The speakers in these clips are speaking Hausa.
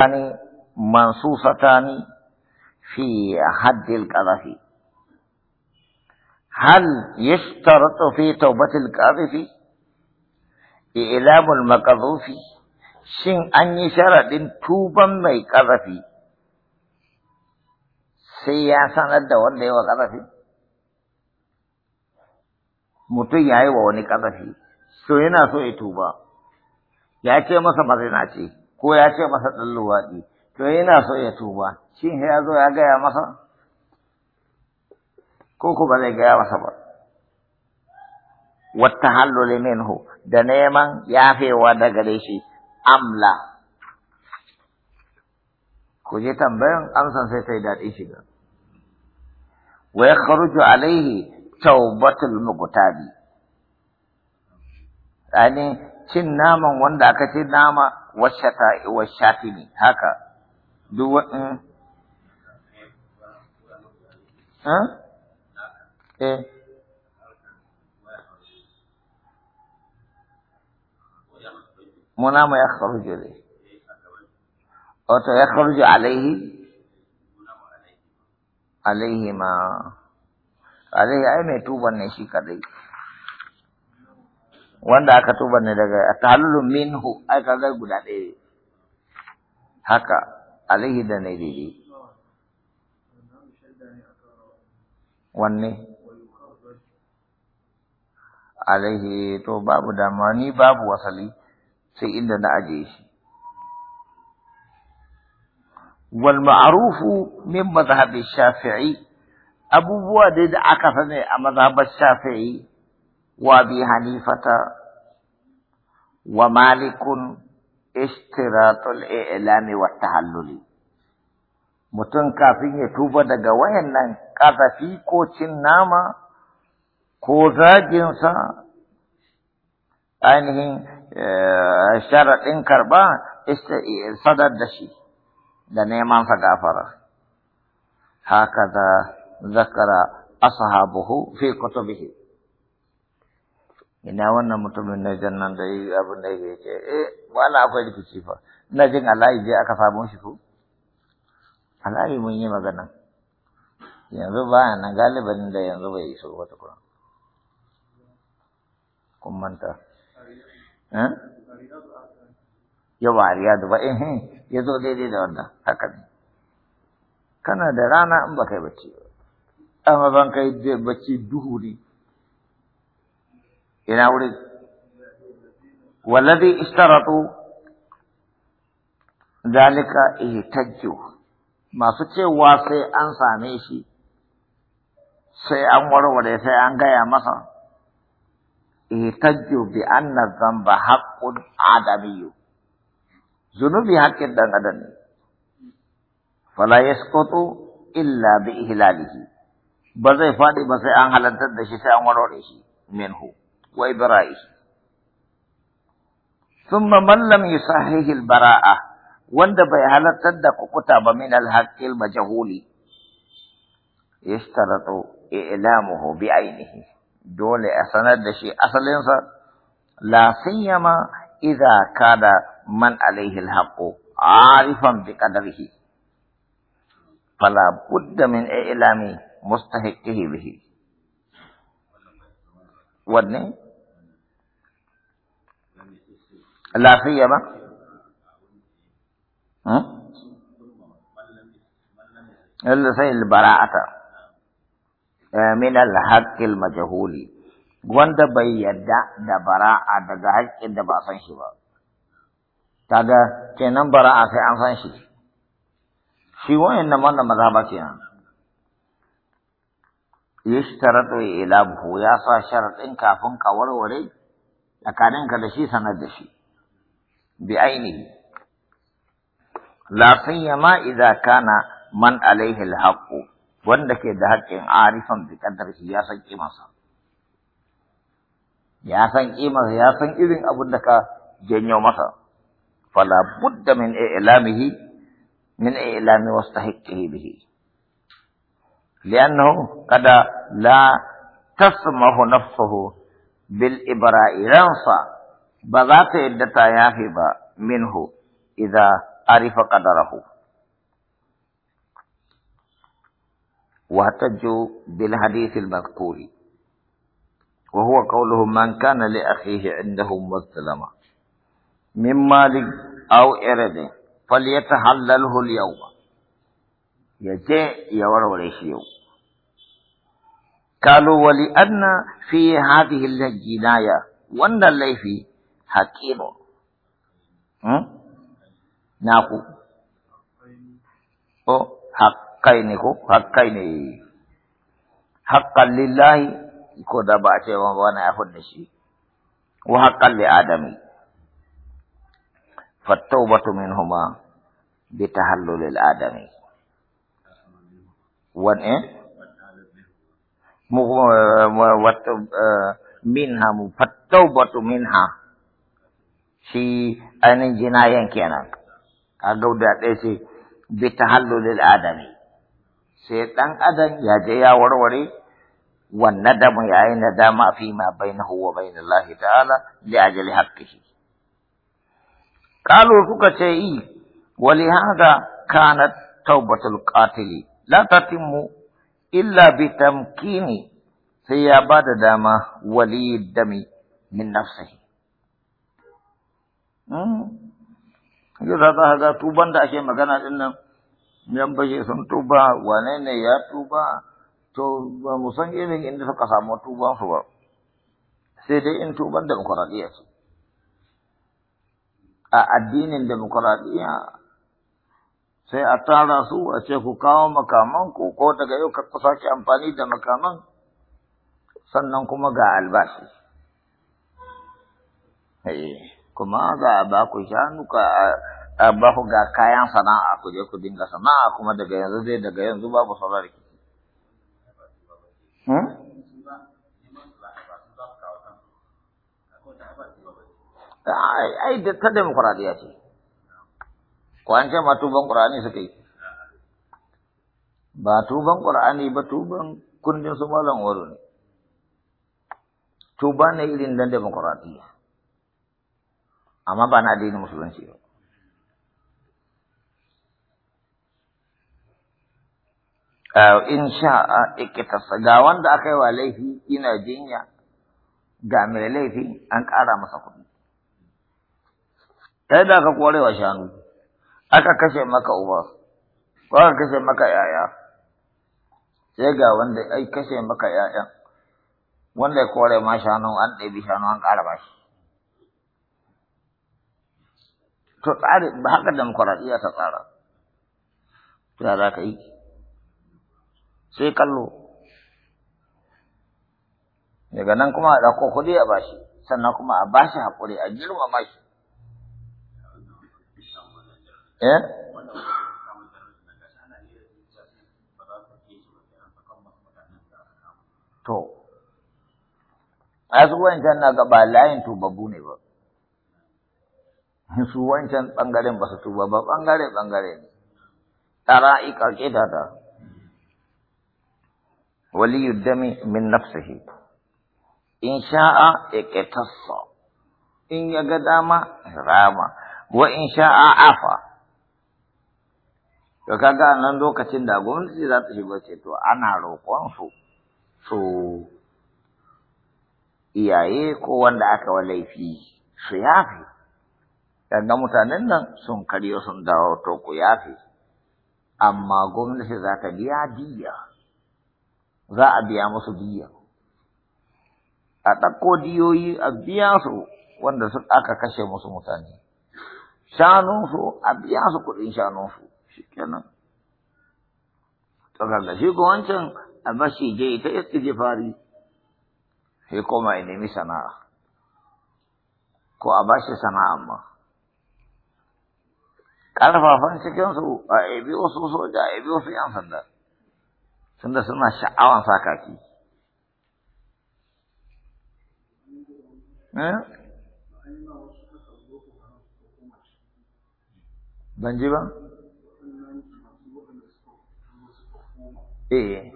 يعني منصوصتان في حد القذف هل يشترط في توبة القاذف إعلام المقذوف shin an yi sharaɗin tuban mai ƙazafi sai ya sanar da wanda ya wa Mutum ya yi wa wani ƙarfi so yana so ya tuba, ya ce masa mazina ce, ko ya ce masa ɗan luwaɗi to yana so ya tuba shin ya zo ya gaya masa ko ko ba zai gaya masa ba wata halloli minhu da neman yafewa da shi amla ku je tambayan amsan sai sai daɗi shiga wa ya kharuju alaihi taubatul mugutabi Ani cin naman wanda aka ce nama Washata, washatimi haka duk wa'in eh. Eh? eh muna mu ya kharuju ne wato ya kharuju alaihi alaihi ma alaihi ai mai tuban ne shi kadai wanda aka tuba ne daga tahallul minhu ai kaga guda ɗaya haka alaihi da ne daidai wanne alaihi to babu dama ni babu wasali sai inda na aje shi wal ma'rufu min madhhab shafi'i abubuwa dai da aka sani a mazhabar shafi'i وابي حنيفه ومالك اشتراط الاعلان والتحلل متن كافين يتوب دغ وينن قذفي كوچن ناما كوزا جنسا أنه آه، شرط إن كربا صدر دشي دنيمان فقافر هكذا ذكر أصحابه في كتبه ina wannan mutumin na jan nan da yi abin da yake ce eh wala akwai rikici fa ina jin alayi je aka samu shi ko alayi mun yi magana yanzu baya nan galibin da yanzu bai yi iso ba kuma kun manta eh? yawa a riyadu ba eh, eh ya zo daidai da wannan haka ne kana da rana in ba kai bacci ba amma ban kai bacci duhu ne ina wuri wallazi istaratu zalika ihtajju masu cewa sai an same shi sai an warware sai an gaya masa ihtajju bi anna dhanba haqqun adamiyyu zunubi haƙƙin dan adam fala yasqutu illa bi ihlalihi ba zai faɗi ba sai an halartar da shi sai an warware shi minhu وإبرائه ثم من لم يصحيه البراءة وند بيهالة تدق كتاب من الحق المجهول يشترط إعلامه بعينه دول أسند شيء أصل لا سيما إذا كان من عليه الحق عارفا بقدره فلا بد من إعلام مستحقه به wannan lafiya ba hmm? Allah sai bara'ata eh, min al-haqqil majhuli wanda bai yadda da bara'a daga haƙƙin da ba san shi ba kaga kenan bara'a sai an san shi shi wayannan wannan mazhaba kenan yushtaratu ilabuhu ya sa sharadin kafin ka warware tsakaninka da shi sanar da shi bi ainihi la sayyama idza kana man alaihi alhaqu wanda ke da haƙƙin arifan bi shi ya san kimarsa ya san kimarsa ya san irin abin da ka janyo masa fala budda min i'lamihi min i'lami wastahiqihi bihi لأنه قد لا تسمح نفسه بالإبراء لنصى بذات إدتا يافب منه إذا عرف قدره واحتجوا بالحديث المذكور وهو قوله من كان لأخيه عنده مظلمة من مال أو إرد فليتحلله اليوم يجي je ya قالوا ولأن في هذه الجناية وأن اللي في حكيم ناقو أو حقين حقين حقا لله يكون دبعتي وانا أخذ نشي وحقا لآدم فالتوبة منهما بتحلل الآدمي وان ايه minha fattaubatu minha shi ainihin jinayen kenan ka gauda ɗaya ce bi tahallulil adami sai ɗan adam ya je ya warware wannan damu ya yi nadama fi ma bainahu wa bainallahi ta'ala li ajali haqqihi qalu suka ce yi wa li hada kanat taubatul qatili la tatimmu illa bi tamkini sai ya ba da dama wali dami min nafsihi hmm? yau za ta haga tuban da ake magana din nan yan baje sun tuba wane ne ya tuba to ba mu san irin inda suka samu tuban su ba sai dai in tuban demokuraɗiyya ce a addinin demokuraɗiyya sai a tara su a ce ku kawo makaman ku ko daga yau ka sake amfani da makaman sannan kuma ga albashi eh, kuma ga ba ku shanu ka a ba ku ga kayan sana'a ku je ku dinga sana'a kuma daga yanzu zai daga yanzu babu sauran rikici hmm? ai da ta demokuraɗiyya ce ko an ce ma tuban qur'ani suka yi ba tuban qur'ani ba tuban kundin su malam waro ne tuba ne irin dan demokradiyya amma ba na addinin musulunci ba eh, in sha'a ikitarsa ga wanda aka yi wa laifi ina jinya ga mai laifi an ƙara masa kuɗi. Ɗaya da aka wa shanu, aka kashe maka uba ko aka kashe maka yaya sai ga wanda ai kashe maka yayan wanda ya kore ma shanu an ɗabi shanu an ƙara ba shi to tsari ba haka demokuraɗiyya ta tsara ta za ka yi sai kallo daga nan kuma a ɗauko kuɗi a bashi sannan kuma a bashi haƙuri a girmama shi ya eh? to a su wancan na gaba layin tubabu ne ba su wancan ɓangaren ba su tuba ba ɓangare bangare ne tara ikarke da ta waliyu dami min nafsihi in sha'a iqtassa in ya ga dama rama wa in sha'a afa to kaga nan lokacin da gwamnati za ta shigo ce to ana roƙon su su iyaye ko wanda aka wa laifi su yafe Daga mutanen nan sun karyo sun dawo to ku yafe amma gwamnati za ta biya diya za a biya musu diya a ɗauko diyoyi a biya su wanda aka kashe musu mutane shanunsu a biya su kuɗin shanunsu shi kenan to kaga shi ko wancan a bashi je ita istijfari sai koma ya nemi sana'a ko a bashi sana'a ma ƙarfafan cikinsu a ebi wasu soja a ebi wasu yan sanda sanda suna sha'awan sa kaki eh? ban ji ba eh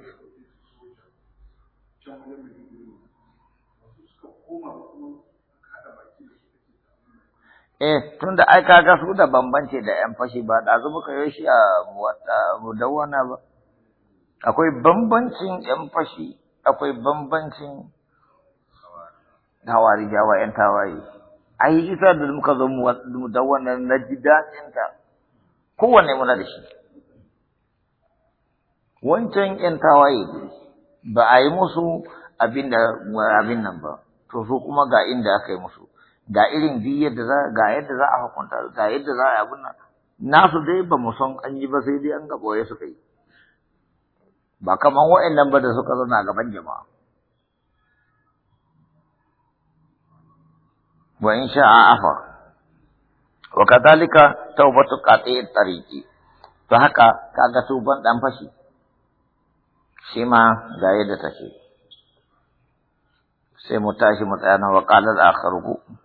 Eh, tun da aika ga su da bambanci da ‘yan fashi ba, ɗazu muka yi shi a mudawana ba. Akwai bambancin ‘yan fashi, akwai bambancin tawari jawa ‘yan tawaye. Ai, isa da muka zo mudawana na ji daɗinta, kowanne muna da shi. wancan ‘yan tawaye ba a yi musu abin da abin nan ba, to su kuma ga inda aka yi musu, ga irin biyar da za, ga yadda za a hukunta, ga yadda za a yi abin nan. Nasu dai ba mu san an yi ba sai dai an ga ɓoye su kai Ba kaman wa'annan ba da suka zauna gaban jama'a. Wa in sha a afa. Wa kadalika tawbatu qati'i tariqi. Ta haka kaga tuban dan fashi. shi ma ga yadda take sai mu tashi mu tsaya na wakalar qalat